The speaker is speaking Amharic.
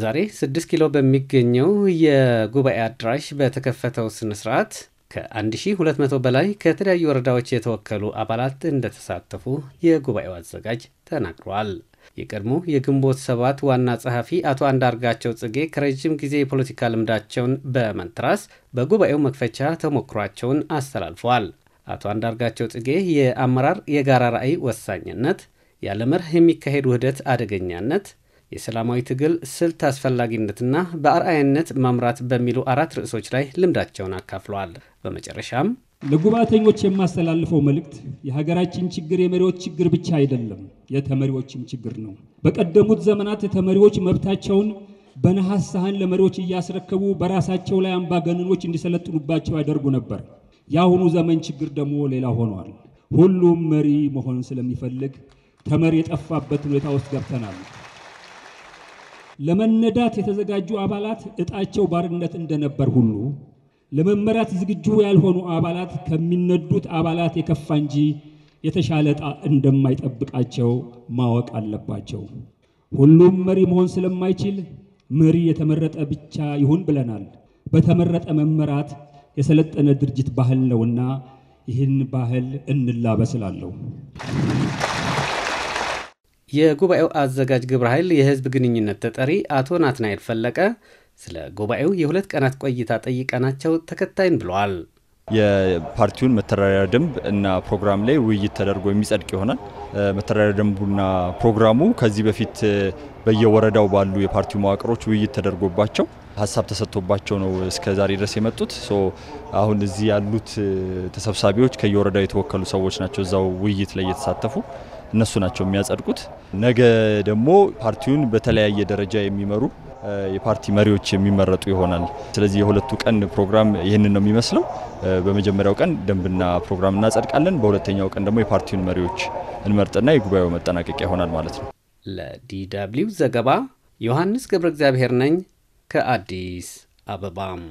ዛሬ 6 ኪሎ በሚገኘው የጉባኤ አዳራሽ በተከፈተው ስነ ስርዓት ከ1200 በላይ ከተለያዩ ወረዳዎች የተወከሉ አባላት እንደተሳተፉ የጉባኤው አዘጋጅ ተናግሯል። የቀድሞ የግንቦት ሰባት ዋና ጸሐፊ አቶ አንዳርጋቸው ጽጌ ከረዥም ጊዜ የፖለቲካ ልምዳቸውን በመንትራስ በጉባኤው መክፈቻ ተሞክሯቸውን አስተላልፈዋል። አቶ አንዳርጋቸው ጽጌ የአመራር የጋራ ራዕይ ወሳኝነት፣ ያለ መርህ የሚካሄድ ውህደት አደገኛነት፣ የሰላማዊ ትግል ስልት አስፈላጊነትና በአርአያነት መምራት በሚሉ አራት ርዕሶች ላይ ልምዳቸውን አካፍለዋል። በመጨረሻም ለጉባኤተኞች የማስተላልፈው መልእክት የሀገራችን ችግር የመሪዎች ችግር ብቻ አይደለም የተመሪዎችም ችግር ነው። በቀደሙት ዘመናት ተመሪዎች መብታቸውን በነሐስ ሳህን ለመሪዎች እያስረከቡ በራሳቸው ላይ አምባገነኖች እንዲሰለጥኑባቸው ያደርጉ ነበር። የአሁኑ ዘመን ችግር ደግሞ ሌላ ሆኗል። ሁሉም መሪ መሆን ስለሚፈልግ ተመሪ የጠፋበት ሁኔታ ውስጥ ገብተናል። ለመነዳት የተዘጋጁ አባላት እጣቸው ባርነት እንደነበር ሁሉ ለመመራት ዝግጁ ያልሆኑ አባላት ከሚነዱት አባላት የከፋ እንጂ የተሻለ ዕጣ እንደማይጠብቃቸው ማወቅ አለባቸው። ሁሉም መሪ መሆን ስለማይችል መሪ የተመረጠ ብቻ ይሁን ብለናል። በተመረጠ መመራት የሰለጠነ ድርጅት ባህል ነውና ይህን ባህል እንላበስላለሁ። የጉባኤው አዘጋጅ ግብረ ኃይል የህዝብ ግንኙነት ተጠሪ አቶ ናትናኤል ፈለቀ ስለ ጉባኤው የሁለት ቀናት ቆይታ ጠይቀናቸው ተከታይን ብለዋል። የፓርቲውን መተዳደሪያ ደንብ እና ፕሮግራም ላይ ውይይት ተደርጎ የሚጸድቅ ይሆናል። መተዳደሪያ ደንቡና ፕሮግራሙ ከዚህ በፊት በየወረዳው ባሉ የፓርቲው መዋቅሮች ውይይት ተደርጎባቸው ሀሳብ ተሰጥቶባቸው ነው እስከ ዛሬ ድረስ የመጡት። አሁን እዚህ ያሉት ተሰብሳቢዎች ከየወረዳው የተወከሉ ሰዎች ናቸው። እዛው ውይይት ላይ የተሳተፉ እነሱ ናቸው የሚያጸድቁት። ነገ ደግሞ ፓርቲውን በተለያየ ደረጃ የሚመሩ የፓርቲ መሪዎች የሚመረጡ ይሆናል። ስለዚህ የሁለቱ ቀን ፕሮግራም ይህንን ነው የሚመስለው። በመጀመሪያው ቀን ደንብና ፕሮግራም እናጸድቃለን። በሁለተኛው ቀን ደግሞ የፓርቲውን መሪዎች እንመርጥና የጉባኤው መጠናቀቂያ ይሆናል ማለት ነው። ለዲደብሊው ዘገባ ዮሐንስ ገብረ እግዚአብሔር ነኝ ከአዲስ አበባም